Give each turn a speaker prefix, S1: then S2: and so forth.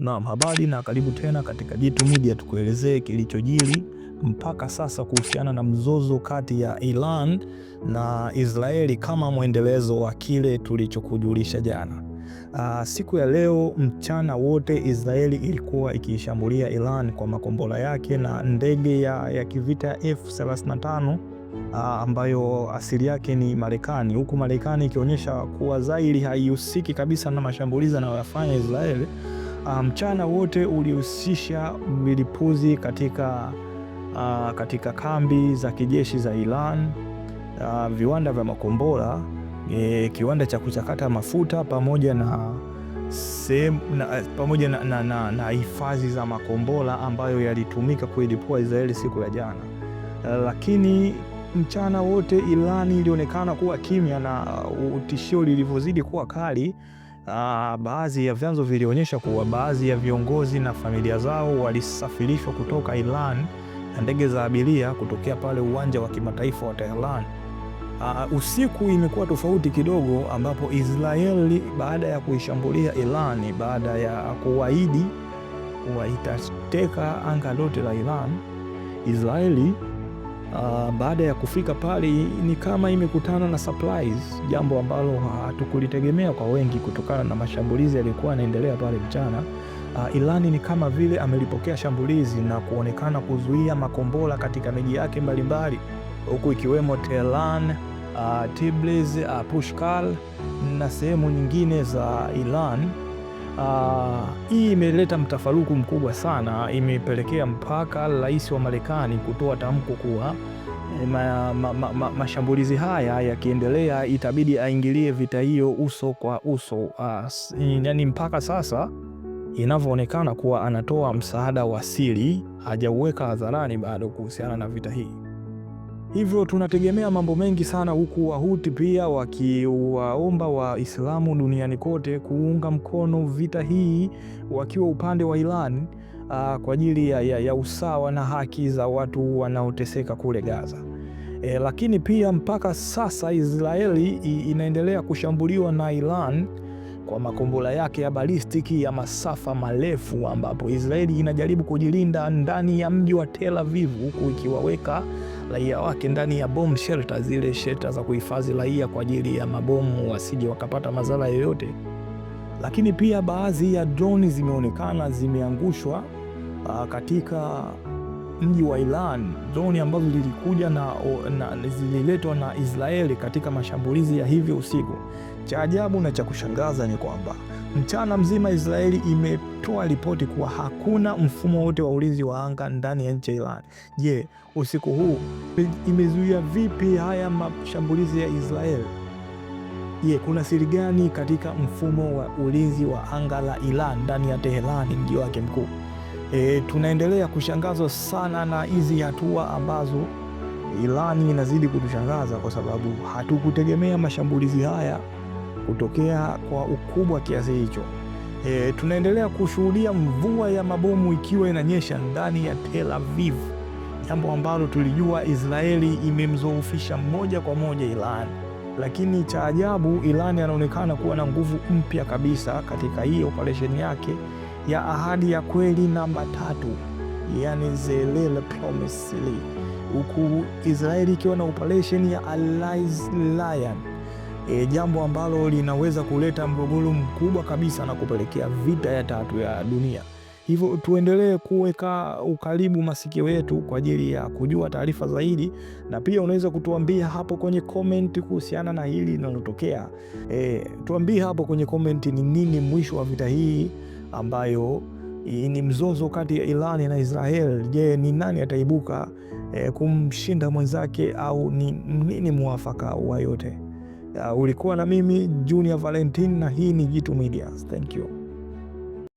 S1: Naam, habari na karibu tena katika Jitu Media, tukuelezee kilichojiri mpaka sasa kuhusiana na mzozo kati ya Iran na Israeli kama mwendelezo wa kile tulichokujulisha jana. Uh, siku ya leo mchana wote Israeli ilikuwa ikiishambulia Iran kwa makombora yake na ndege ya, ya kivita F35 ah, ambayo asili yake ni Marekani, huku Marekani ikionyesha kuwa zairi haihusiki kabisa na mashambulizi anayoyafanya Israeli Ah, mchana um, wote ulihusisha milipuzi katika, uh, katika kambi za kijeshi za Iran, uh, viwanda vya makombora e, kiwanda cha kuchakata mafuta pamoja na sehemu pamoja na, na, na, na hifadhi za makombora ambayo yalitumika kuilipua Israeli siku ya jana, lakini mchana wote iran ilionekana kuwa kimya na utishio tishio lilivyozidi kuwa kali Uh, baadhi ya vyanzo vilionyesha kuwa baadhi ya viongozi na familia zao walisafirishwa kutoka Iran na ndege za abiria kutokea pale uwanja wa kimataifa wa Tehran. Uh, usiku imekuwa tofauti kidogo, ambapo Israeli baada ya kuishambulia Iran, baada ya kuahidi waitateka anga lote la Iran, Israeli Uh, baada ya kufika pale ni kama imekutana na surprise, jambo ambalo hatukulitegemea kwa wengi kutokana na mashambulizi yaliyokuwa yanaendelea pale mchana. Uh, ah, Irani ni kama vile amelipokea shambulizi na kuonekana kuzuia makombora katika miji yake mbalimbali huku ikiwemo Tehran, uh, Tbilisi, uh, Pushkal na sehemu nyingine za Iran. Uh, hii imeleta mtafaruku mkubwa sana, imepelekea mpaka rais wa Marekani kutoa tamko kuwa ma, ma, ma, ma, mashambulizi haya yakiendelea itabidi aingilie vita hiyo uso kwa uso. Uh, yani mpaka sasa inavyoonekana kuwa anatoa msaada wa siri, hajauweka hadharani bado kuhusiana na vita hii. Hivyo tunategemea mambo mengi sana, huku Wahuti pia wakiwaomba Waislamu duniani kote kuunga mkono vita hii wakiwa upande wa Iran aa, ah, kwa ajili ya, ya, ya usawa na haki za watu wanaoteseka kule Gaza. E, lakini pia mpaka sasa Israeli inaendelea kushambuliwa na Iran kwa makombora yake ya balistiki ya masafa marefu ambapo Israeli inajaribu kujilinda ndani ya mji wa Tel Aviv huku ikiwaweka raia wake ndani ya bomb shelter, zile shelter za kuhifadhi raia kwa ajili ya mabomu wasije wakapata madhara yoyote. Lakini pia baadhi ya droni zimeonekana zimeangushwa ah, katika mji wa Iran, droni ambazo zilikuja na, na zililetwa na Israeli katika mashambulizi ya hivi usiku. Cha ajabu na cha kushangaza ni kwamba mchana mzima Israeli imetoa ripoti kuwa hakuna mfumo wote wa ulinzi wa anga ndani ya nchi ya Iran. Je, usiku huu imezuia vipi haya mashambulizi ya Israeli? Je, kuna siri gani katika mfumo wa ulinzi wa anga la Iran ndani ya Teherani, mji wake mkuu? E, tunaendelea kushangazwa sana na hizi hatua ambazo Irani inazidi kutushangaza kwa sababu hatukutegemea mashambulizi haya kutokea kwa ukubwa kiasi hicho. E, tunaendelea kushuhudia mvua ya mabomu ikiwa inanyesha ndani ya Tel Aviv, jambo ambalo tulijua Israeli imemzoofisha moja kwa moja Irani, lakini cha ajabu Irani anaonekana kuwa na nguvu mpya kabisa katika hii operesheni yake ya ahadi ya kweli. Namba tatu, yani Zelele Promise, huku Israeli ikiwa na operation ya Allies Lion, e, jambo ambalo linaweza kuleta mgogoro mkubwa kabisa na kupelekea vita ya tatu ya dunia. Hivyo tuendelee kuweka ukaribu masikio yetu kwa ajili ya kujua taarifa zaidi, na pia unaweza kutuambia hapo kwenye comment kuhusiana na hili linalotokea. E, tuambie hapo kwenye comment ni nini mwisho wa vita hii ambayo ni mzozo kati ya irani na Israel. Je, ni nani ataibuka e, kumshinda mwenzake au ni nini mwafaka wa yote? ulikuwa na mimi Junior Valentine na hii ni Jitu Media. Thank you.